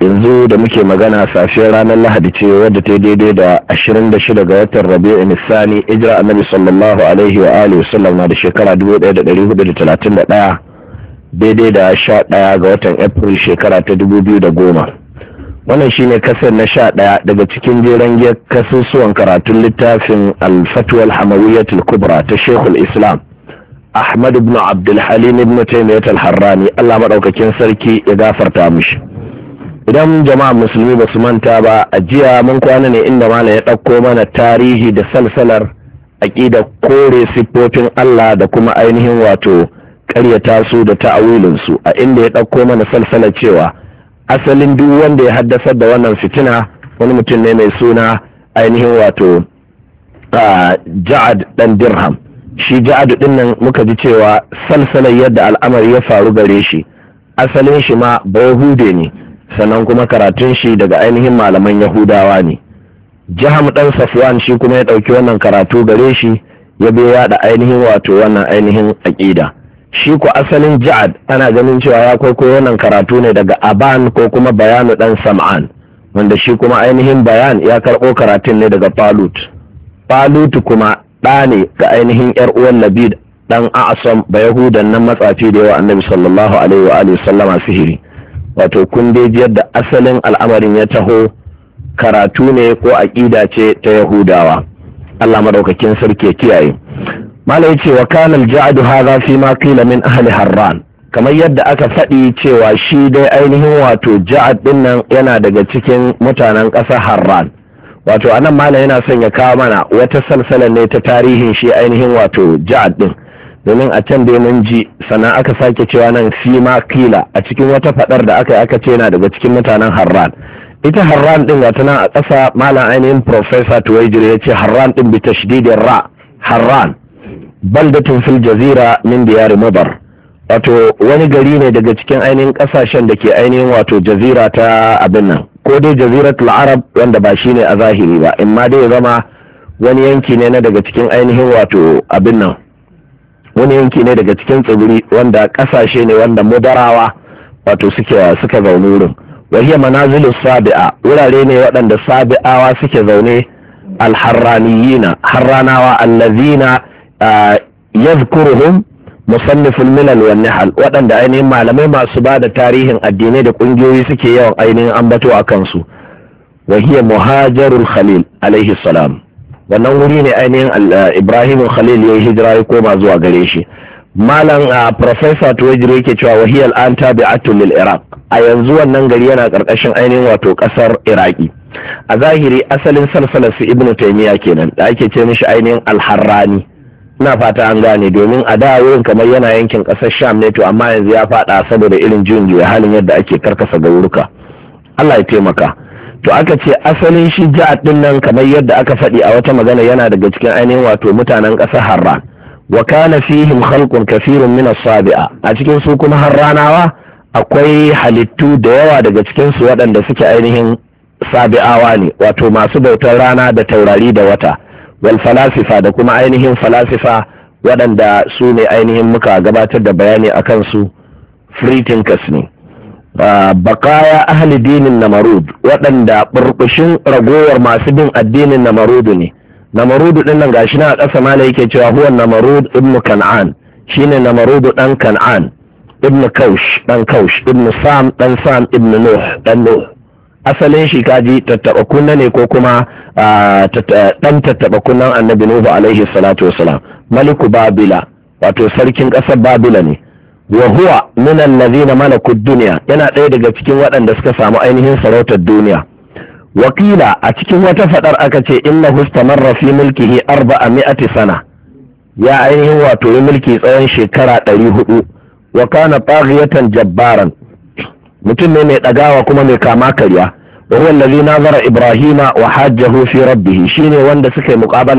yanzu da muke magana safiyar ranar lahadi ce wadda ta daidai da 26 ga watan rabi'u nisani ijira annabi sallallahu alaihi wa alihi wasallam na da shekara 1431 daidai da 11 ga watan april shekara ta 2010 wannan shine kasar na 11 daga cikin jeren giyar kasusuwan karatun littafin al-fatwa al kubra ta shekul islam ahmad ibn abdul halim ibn taymiyyah al-harrani Allah madaukakin sarki ya gafarta mishi idan jama'a musulmi ba su manta ba a jiya mun kwana ne inda mana ya ɗauko mana tarihi da salsalar aƙidar kore siffofin Allah da kuma ainihin wato ƙaryata su da ta'awilinsu a inda ya ɗauko mana salsalar cewa asalin duk wanda ya haddasar da wannan fitina wani mutum ne mai suna ainihin wato ja'ad ɗan dirham shi ja'adu ɗin nan muka ji cewa salsalar yadda al'amari ya faru gare shi asalin shi ma hude ne sannan kuma karatun shi daga ainihin malaman yahudawa ne jiham ɗan safwan shi kuma ya ɗauki wannan karatu gare shi ya bi yada ainihin wato wannan ainihin aƙida shi ku asalin ja'ad ana ganin cewa ya kwaikwayo wannan karatu ne daga aban ko kuma bayanu dan sam'an wanda shi kuma ainihin bayan ya karɓo karatun ne daga palut palut kuma ɗa ne ga ainihin yar uwan labid dan a'asam ba yahudan nan matsafi da yawa annabi sallallahu alaihi wa alihi sallama sihiri wato kundejiyar da asalin al'amarin ya taho karatu ne ko aƙida ce ta yahudawa allah madaukakin sarki ya kiyaye malai ce wa kana al-ja'du hadha fi ma qila min ahli harran kamar yadda aka faɗi cewa shi dai ainihin wato ja'ad din nan yana daga cikin mutanen ƙasar harran wato anan malai yana son ya kawo mana wata salsala ne ta tarihin shi ainihin wato ja'ad din domin a can dai mun ji sannan aka sake cewa nan fi ma kila a cikin wata fadar da aka yi aka ce na daga cikin mutanen harran ita harran din gata nan a ƙasa malam ainihin professor tuwaijiri ya ce harran din bi tashdidin ra harran da tunfil jazira min diyar mudar wato wani gari ne daga cikin ainihin ƙasashen da ke ainihin wato jazira ta abin nan ko dai jaziratul arab wanda ba shi ne a zahiri ba imma dai zama wani yanki ne na daga cikin ainihin wato abin nan wani yanki ne daga cikin tsibiri wanda kasashe ne wanda mudarawa wato suke suka zaune wurin wahiya manazilus sabi'a wurare ne waɗanda sabi'awa suke zaune alharraniyina harranawa allazina yadhkuruhum musanniful milal wan nihal waɗanda ainihin malamai masu ba da tarihin addinai da ƙungiyoyi suke yawan ainihin ambato a kansu wahiya muhajarul khalil alaihi salam wannan wuri ne ainihin eh, ibrahim khalil ya yi hijira ya koma zuwa gare shi malam a ah, professor tuwajiro yake cewa wahiyar an tabi'atu lil iraq a yanzu wannan gari yana karkashin ainihin wato kasar iraki a zahiri asalin salsalar su ibnu taymiya kenan da ake ce mishi ainihin alharrani ina fata an gane domin a da wurin kamar yana yankin kasar sham ne to amma yanzu ya fada saboda irin juyin halin yadda ake karkasa gauruka allah ya taimaka to aka ce asalin shi ja'ad din nan kamar yadda aka faɗi a wata magana yana daga cikin ainihin wato mutanen ƙasa harra wa kana fihim khalqun kathirun min as-sabi'a a cikin su kuma harranawa akwai halittu da yawa daga cikin su waɗanda suke ainihin sabi'awa ne wato masu bautar rana da taurari da wata wal falasifa da kuma ainihin falasifa waɗanda su ne ainihin muka gabatar da bayani akan su free thinkers ne bakaya ahli dinin namarud waɗanda burbushin ragowar masu bin addinin namarudu ne namarudu ɗin nan gashi na a ƙasa mala yake cewa huwa namarud ibnu kan'an shine namarudu ɗan kan'an ibnu kaush ɗan kaush ibnu sam ɗan sam ibnu nuh ɗan nuh asalin shi kaji tattaɓa kunna ne ko kuma ɗan tattaɓa kunnan annabi nuhu alaihi salatu wasalam maliku babila wato sarkin ƙasar babila ne wa huwa min allazina malakud yana ɗaya daga cikin waɗanda suka samu ainihin sarautar duniya wakila a cikin wata fadar aka ce inna hustamarra fi mulkihi arba'a mi'ati sana ya ainihin wato yi mulki tsawon shekara ɗari hudu wa kana jabbaran mutum ne mai ɗagawa kuma mai kama karya wa huwa ibrahima wa hajjahu fi rabbih shine wanda suka yi muqabala